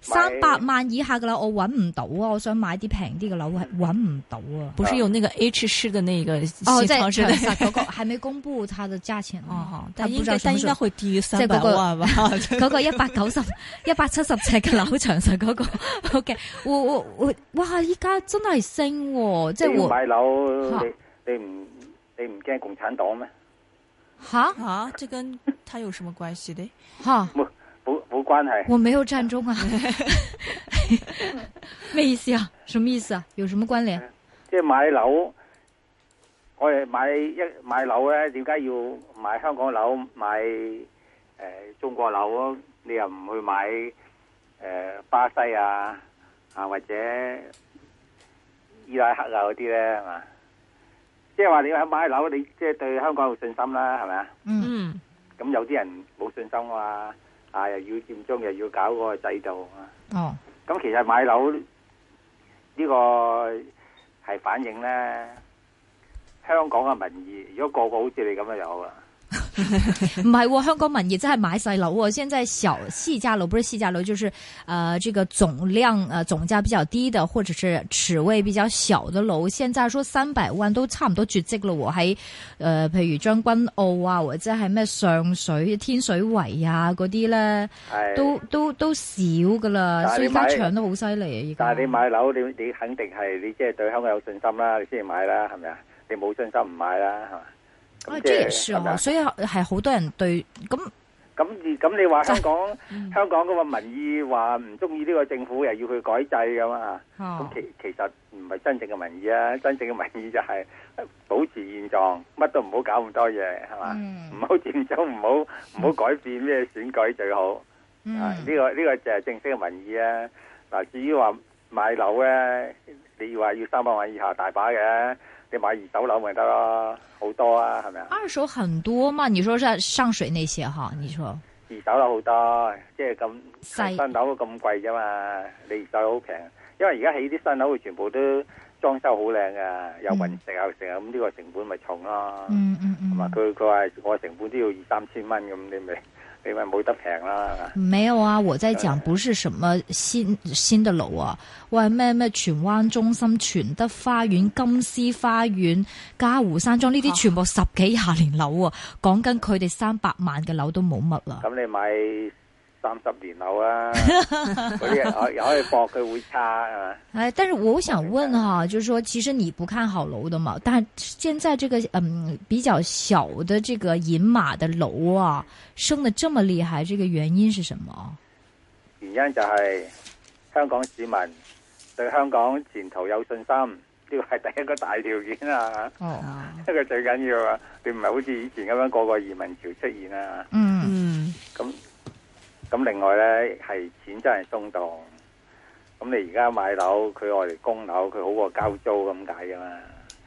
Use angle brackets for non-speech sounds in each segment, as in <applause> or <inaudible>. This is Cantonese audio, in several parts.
三百萬以下嘅樓，我搵唔到啊！我想買啲平啲嘅樓，係搵唔到啊！不是有那個 H 市的那個哦，即係長實嗰個，還沒公布它的價錢哦，但應該應該會低於三百萬吧？嗰個一百九十一百七十尺嘅樓，長實嗰個。O K，我我我，哇！依家真係升，即係買樓，你你唔你唔驚共產黨咩？吓？吓？即跟他有什麼關係咧？哈？冇關係，我沒有佔中啊，咩 <laughs> <laughs> 意思啊？什麼意思啊？有什麼關聯？即係買樓，我哋買一買樓咧，點解要買香港樓？買誒、呃、中國樓咯？你又唔去買誒、呃、巴西啊啊或者伊拉克啊嗰啲咧係嘛？即係話你喺買樓，你即係、就是、對香港有信心啦、啊，係咪？嗯，咁有啲人冇信心啊。啊！又要佔中，又要搞個制度啊！咁、哦、其實買樓呢、這個係反映咧香港嘅民意，如果個個好似你咁樣有啊！唔係、 <laughs> 哦，香港民亦都係買晒樓。我現在小細價樓，不是細價樓，就是，誒、呃，這個總量，誒、呃，總價比較低的，或者是尺位比較小的樓，現在說三百萬都差唔多絕跡咯。喺，誒、呃，譬如將軍澳啊，或者係咩上水、天水圍啊嗰啲咧，都都都少噶啦。所以家搶得好犀利啊！依家。但係你買樓，你你肯定係你即係對香港有信心啦，你先至買啦，係咪啊？你冇信心唔買啦，係嘛？咁啊，真係衰啊！所以係好多人對咁咁你咁你話香港香港嗰個民意話唔中意呢個政府，又要佢改制咁啊？咁其其實唔係真正嘅民意啊！真正嘅民意就係保持現狀，乜都唔好搞咁多嘢，係嘛？唔好轉租，唔好唔好改變咩選舉，最好。呢個呢個就係正式嘅民意啊！嗱，至於話買樓咧，你要話要三百萬以下，大把嘅。你買二手樓咪得咯，好多啊，係咪啊？二手很多嘛，你、就是、說上上水那些哈，你說？二手樓好多，即係咁新樓咁貴啫嘛，你二手好平，因為而家起啲新樓會全部都裝修好靚噶，食又運石又成啊，咁呢、嗯、個成本咪重咯，同埋佢佢話我成本都要二三千蚊咁，你咪。你咪冇得平啦！沒有啊，我在講不是什麼新新的樓啊，喂咩咩荃灣中心、荃德花園、金絲花園、嘉湖山莊呢啲全部十幾廿年樓啊，講緊佢哋三百萬嘅樓都冇乜啦。咁、啊、你買？三十年樓啊， <laughs> 人可以可以搏佢會差啊！哎，但是我想問哈、啊，就是說，其實你不看好樓的嘛？但係現在這個嗯比較小的這個銀碼的樓啊，升得這麼厲害，這個原因是什麼？原因就係、是、香港市民對香港前途有信心，呢個係第一個大條件啊！哦、啊，呢個最緊要啊！你唔係好似以前咁樣個個移民潮出現啊！嗯嗯，咁、嗯。咁另外呢，係錢真係鬆動。咁你而家買樓，佢外嚟供樓，佢好過交租咁解噶嘛？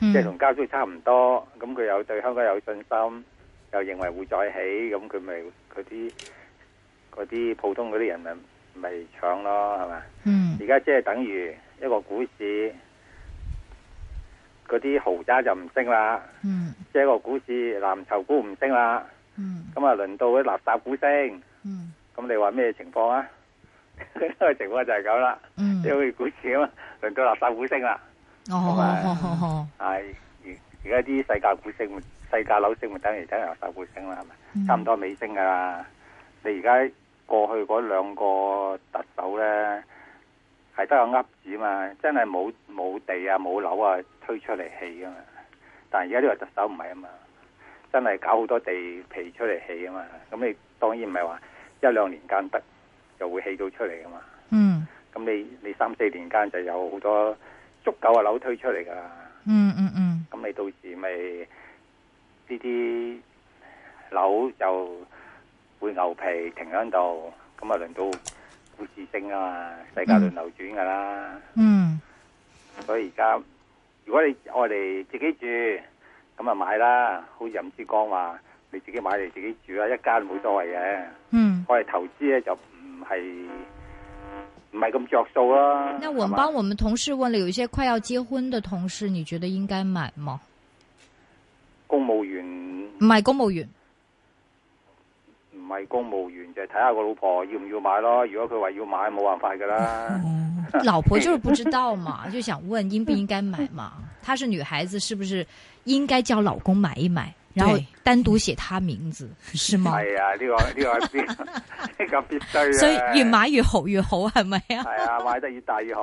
即係同交租差唔多。咁佢又對香港有信心，又認為會再起，咁佢咪佢啲嗰啲普通嗰啲人咪咪搶咯，係嘛？而家即係等於一個股市，嗰啲豪宅就唔升啦。嗯，即係一個股市藍籌股唔升啦。嗯，咁啊，輪到啲垃圾股升。嗯。咁你話咩情況啊？個 <laughs> 情況就係咁啦，即係好似股市咁啊，輪到垃圾股升啦。哦，係而而家啲世界股升，世界樓升，咪等嚟等嚟垃圾股升啦，係咪、嗯？差唔多尾升噶啦。嗯、你而家過去嗰兩個特首咧，係得個噏字嘛，真係冇冇地啊，冇樓啊，推出嚟起噶嘛。但係而家呢個特首唔係啊嘛，真係搞好多地皮出嚟起啊嘛。咁你當然唔係話。一兩年間，得，就會起到出嚟噶嘛。嗯，咁你你三四年間就有好多足夠嘅樓推出嚟噶啦。嗯嗯嗯，咁你到時咪呢啲樓就會牛皮停喺度，咁啊輪到股市升啊嘛，世界輪流轉噶啦。嗯，所以而家如果你愛嚟自己住，咁啊買啦，好似任志剛話。你自己買嚟自己住啦，一家冇所謂嘅。嗯，我哋投資咧就唔係唔係咁着數啦。那,那我們幫我們同事問了，吧有一些快要結婚的同事，你覺得應該買嗎？公務員唔係公務員，唔係公務員,是公務員就睇下個老婆要唔要買咯。如果佢話要買，冇辦法噶啦、嗯。老婆就是不知道嘛， <laughs> 就想問應不應該買嘛。她是女孩子，是不是應該叫老公買一買？然後單獨寫他名字，是嗎？係啊，呢個呢個必咁必須。所以越買越好越好係咪啊？係啊，買得越大越好。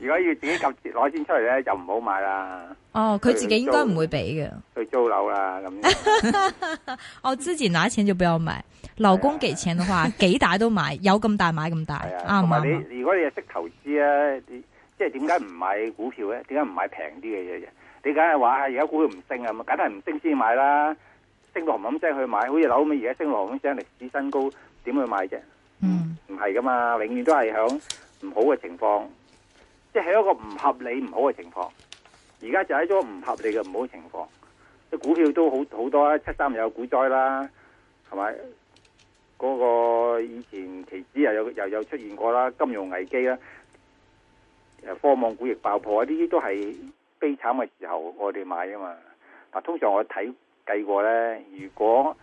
如果要自己急攞錢出嚟，咧，就唔好買啦。哦，佢自己應該唔會俾嘅。去租樓啦咁。我自己拿錢就不要買，老公給錢嘅話，幾大都買，有咁大買咁大。啊同埋你，如果你如果你識投資咧，即係點解唔買股票咧？點解唔買平啲嘅嘢嘢？你梗係話啊！而家股票唔升啊，咁梗係唔升先買啦。升到紅紅聲去買，好似樓咁而家升到紅紅聲歷史新高，點去買啫？嗯，唔係㗎嘛，永遠都係響唔好嘅情況，即係一個唔合理唔好嘅情況。而家就係一個唔合理嘅唔好嘅情況。啲股票都好好多啊，七三有股災啦，係咪？嗰個以前期指又有又有出現過啦，金融危機啦，誒科網股亦爆破啊，呢啲都係。悲慘嘅時候我哋買啊嘛，嗱、啊、通常我睇計過咧，如果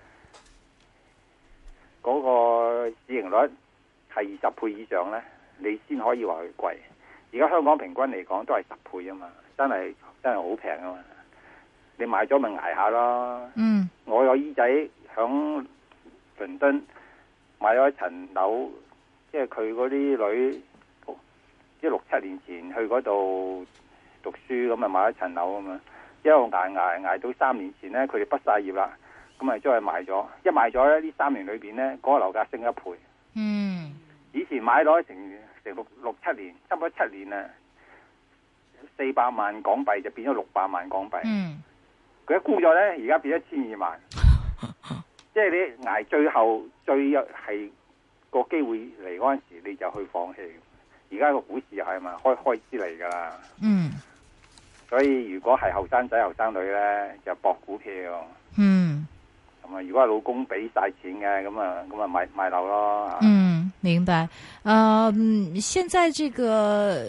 嗰個市盈率係二十倍以上咧，你先可以話佢貴。而家香港平均嚟講都係十倍啊嘛，真係真係好平啊嘛。你買咗咪捱下咯。嗯，mm. 我個姨仔響倫敦買咗一層樓，即係佢嗰啲女，即六七年前去嗰度。讀書咁咪買咗一層樓啊嘛，因為我挨挨挨到三年前咧，佢哋畢晒業啦，咁咪將賣咗，一賣咗咧呢三年裏邊咧，個樓價升一倍。嗯，以前買咗成成六六七年，差唔多七年啊，四百萬港幣就變咗六百萬港幣。嗯，佢一估咗咧，而家變咗千二萬， <laughs> 即係你挨最後最係個機會嚟嗰陣時候，你就去放棄。而家個股市係嘛？開開支嚟噶啦。嗯。所以如果係後生仔後生女咧，就博股票。嗯，咁啊，如果係老公俾晒錢嘅，咁啊，咁啊買買樓咯。嗯，明白。啊、呃，現在這個，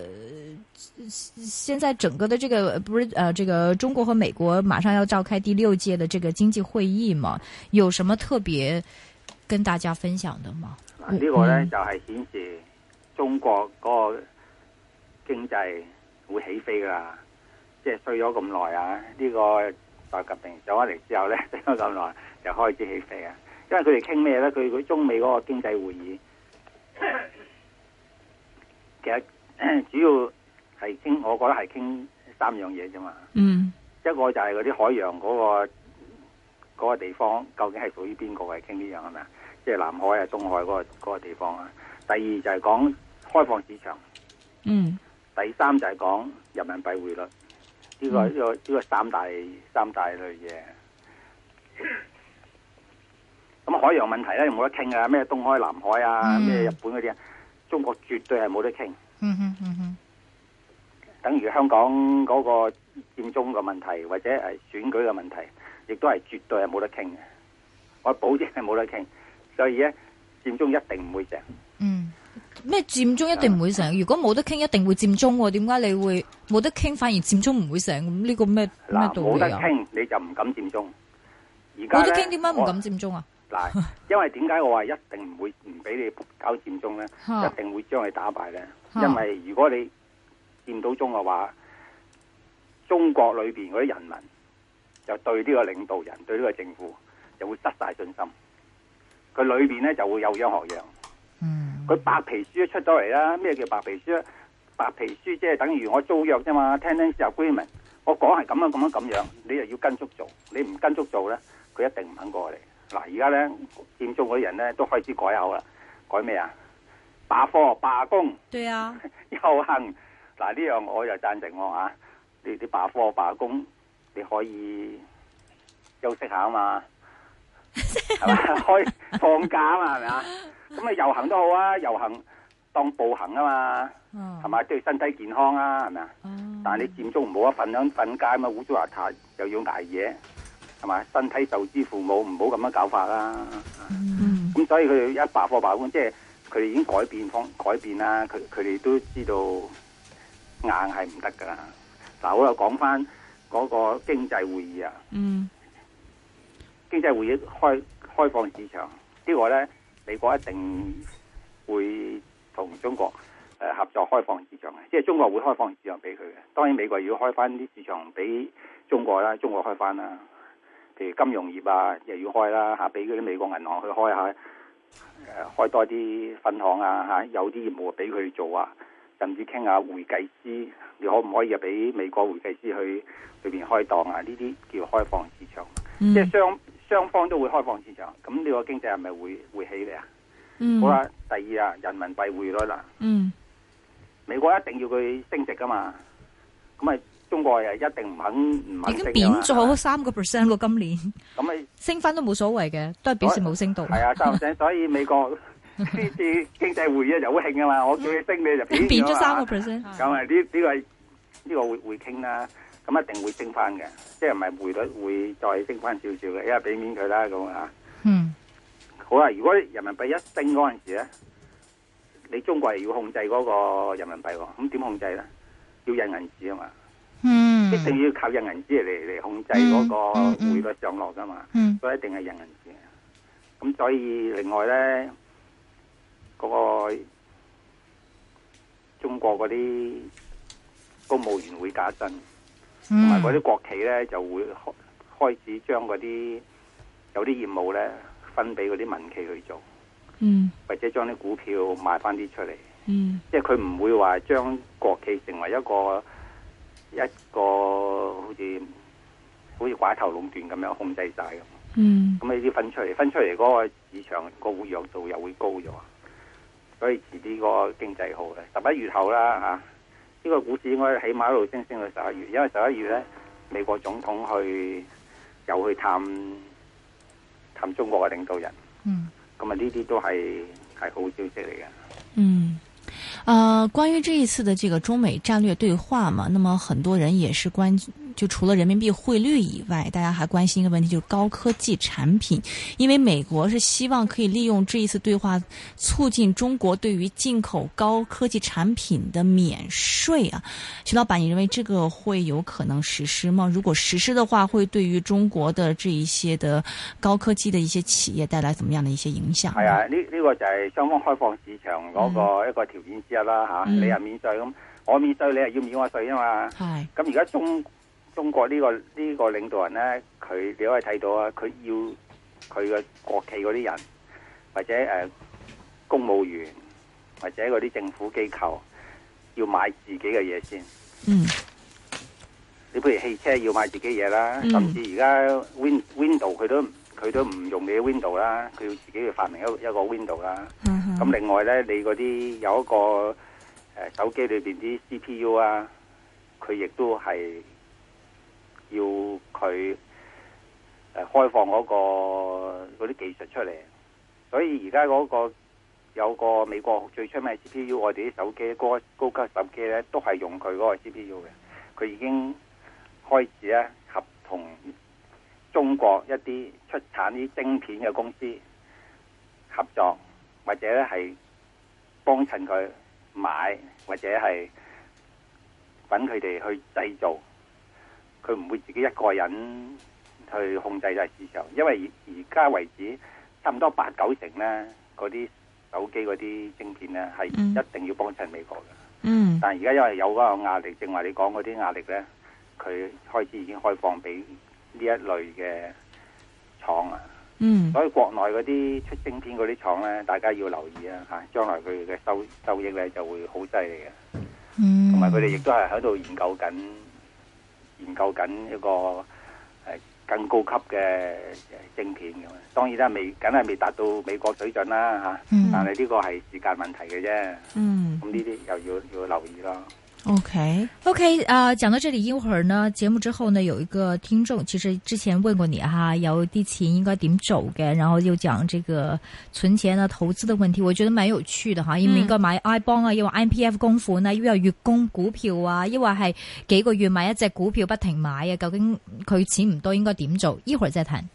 現在整個的這個，不是呃這個中國和美國馬上要召開第六屆的這個經濟會議嘛？有什麼特別跟大家分享的嗎？啊這個、呢個咧、嗯、就係顯示中國嗰個經濟會起飛噶啦。即係衰咗咁耐啊！呢個大革命走翻嚟之後咧，整咗咁耐就開始起飛啊！因為佢哋傾咩咧？佢佢中美嗰個經濟會議， <laughs> 其實主要係傾，我覺得係傾三樣嘢啫嘛。嗯。一個就係嗰啲海洋嗰個嗰個地方，究竟係屬於邊個？係傾呢樣係咪啊？即係南海啊、東海嗰個嗰個地方啊。第二就係講開放市場。嗯。第三就係講人民幣匯率。呢、這個呢呢、這個這個、三大三大類嘢，咁、yeah. 海洋問題咧又冇得傾啊！咩東海、南海啊，咩、mm. 日本嗰啲啊，中國絕對係冇得傾。嗯哼、mm hmm, mm hmm. 等於香港嗰個佔中嘅問題，或者係選舉嘅問題，亦都係絕對係冇得傾嘅。我保證係冇得傾，所以咧佔中一定唔會成。嗯。Mm. 咩佔中一定唔會成，啊、如果冇得傾，一定會佔中、啊。點解你會冇得傾，反而佔中唔會成？咁呢個咩咩道理冇、啊、得傾你就唔敢佔中。而家冇得傾點解唔敢佔中啊？嗱， <laughs> 因為點解我話一定唔會唔俾你搞佔中咧？哈一定會將你打敗咧。哈因為如果你佔到中嘅話，中國裏邊嗰啲人民就對呢個領導人、對呢個政府就會失晒信心。佢裏邊咧就會有樣學樣。佢白皮書出咗嚟啦，咩叫白皮書？白皮書即係等於我租約啫嘛，聽聽時候居民，我講係咁樣咁樣咁樣，你又要跟足做，你唔跟足做咧，佢一定唔肯過嚟。嗱，而家咧建築嗰啲人咧都開始改口啦，改咩啊？罷課罷工？對啊， <laughs> 又行。嗱，呢樣我又讚成我啊，你你罷課罷工，你可以休息下啊嘛，係 <laughs> 嘛，可以放假啊嘛，係咪啊？咁你遊行都好啊，遊行當步行啊嘛，係嘛、哦，對身體健康啊，係咪啊？嗯、但係你佔中唔好啊，瞓兩瞓街咪污糟邋遢，又要捱夜，係嘛？身體受之父母，唔好咁樣搞法啦。咁、嗯、所以佢哋一爆破爆光，即係佢哋已經改變方改變啦。佢佢哋都知道硬係唔得噶。嗱，我又講翻嗰個經濟會議啊。嗯、經濟會議開開放市場之外咧。這個呢美國一定會同中國誒、呃、合作開放市場嘅，即、就、係、是、中國會開放市場俾佢嘅。當然美國要開翻啲市場俾中國啦，中國開翻啦。譬如金融業啊，又要開啦吓，俾嗰啲美國銀行去開下，誒、啊、開多啲分行啊吓、啊，有啲業務俾佢做啊。甚至傾下會計師，你可唔可以又俾美國會計師去裏邊開檔啊？呢啲叫開放市場，即係相。雙方都會開放市場，咁呢個經濟係咪會會起嚟啊？嗯、好啦，第二啊，人民幣匯率啦，嗯、美國一定要佢升值噶嘛，咁咪中國又一定唔肯唔肯升已經貶咗三個 percent 個今年，咁咪你升翻都冇所謂嘅，都係表示冇升到。係啊，三 <laughs> 所以美國呢次經濟會議就好興噶嘛，我叫佢升你就貶咗三個 percent，咁啊呢呢個呢、呢個會會傾啦。咁一定會升翻嘅，即係唔係匯率會再升翻少少嘅，依家俾面佢啦，咁、嗯、啊。嗯。好啦，如果人民幣一升嗰陣時咧，你中國要控制嗰個人民幣，咁點控制咧？要印銀紙啊嘛，嗯嘛嗯。嗯。一定要靠印銀紙嚟嚟控制嗰個匯率上落噶嘛。所以一定係印銀紙。咁所以另外咧，嗰、嗰個中國嗰啲公務員會加薪。同埋嗰啲國企咧，就會開開始將嗰啲有啲業務咧分俾嗰啲民企去做，嗯、或者將啲股票賣翻啲出嚟。嗯、即係佢唔會話將國企成為一個一個好似好似寡頭壟斷咁樣控制晒咁。咁呢啲分出嚟，分出嚟嗰個市場個活躍度又會高咗，所以遲啲個經濟好嘅十一月後啦吓。啊呢個股市應該起碼一路升升到十一月，因為十一月咧，美國總統去又去探探中國嘅領導人，咁啊呢啲都係係好消息嚟嘅。嗯，啊、呃，關於這一次的這個中美戰略對話嘛，那麼很多人也是關注。就除了人民幣匯率以外，大家還關心一個問題，就是高科技產品，因為美國是希望可以利用這一次對話，促進中國對於進口高科技產品的免稅啊。徐老闆，你認為這個會有可能實施嗎？如果實施的話，會對於中國的這一些的高科技的一些企業帶來怎麼樣的一些影響？係啊，呢呢、呢個就係雙方開放市場嗰個、嗯、一個條件之一啦、啊、吓。嗯、你啊免稅，咁我免稅，你啊要唔要我稅啊嘛？係、哎。咁而家中中國呢、呢個呢、呢個領導人呢，佢你可以睇到啊！佢要佢嘅國企嗰啲人，或者誒、呃、公務員或者嗰啲政府機構要買自己嘅嘢先。嗯。Mm. 你譬如汽車要買自己嘢啦，mm. 甚至而家 Window 佢都佢都唔用你嘅 Window 啦，佢要自己去發明一一個 Window 啦。咁、mm hmm. 另外呢，你嗰啲有一個誒、呃、手機裏邊啲 CPU 啊，佢亦都係。要佢開放嗰、嗰個啲技術出嚟，所以而家嗰個有個美國最出名嘅 CPU，我哋啲手機高級手機呢，都係用佢嗰個 CPU 嘅。佢已經開始合同中國一啲出產啲晶片嘅公司合作，或者咧係幫襯佢買，或者係揾佢哋去製造。佢唔會自己一個人去控制晒市場，因為而家為止差唔多八九成呢，嗰啲手機嗰啲晶片呢，係一定要幫襯美國嘅。嗯，但係而家因為有嗰個壓力，正話你講嗰啲壓力呢，佢開始已經開放俾呢一類嘅廠啊。嗯，所以國內嗰啲出晶片嗰啲廠呢，大家要留意啊！嚇，將來佢嘅收收益呢，就會好犀利嘅。嗯，同埋佢哋亦都係喺度研究緊。做緊一個更高級嘅晶片嘅，當然啦，未梗係未達到美國水準啦，吓，mm. 但係呢個係時間問題嘅啫，咁呢啲又要要留意咯。O K O K，啊，講到這裏，一會兒呢節目之後呢，有一個聽眾，其實之前問過你哈，有啲錢應該點走嘅，然後又講這個存錢啊、投資的問題，我覺得蠻有趣的哈，嗯、因為應該買 I Bond 啊，又 MPF 供款呢，那又要月供股票啊，又話係幾個月買一隻股票不停買啊，究竟佢錢唔多應該點做？一會兒再談。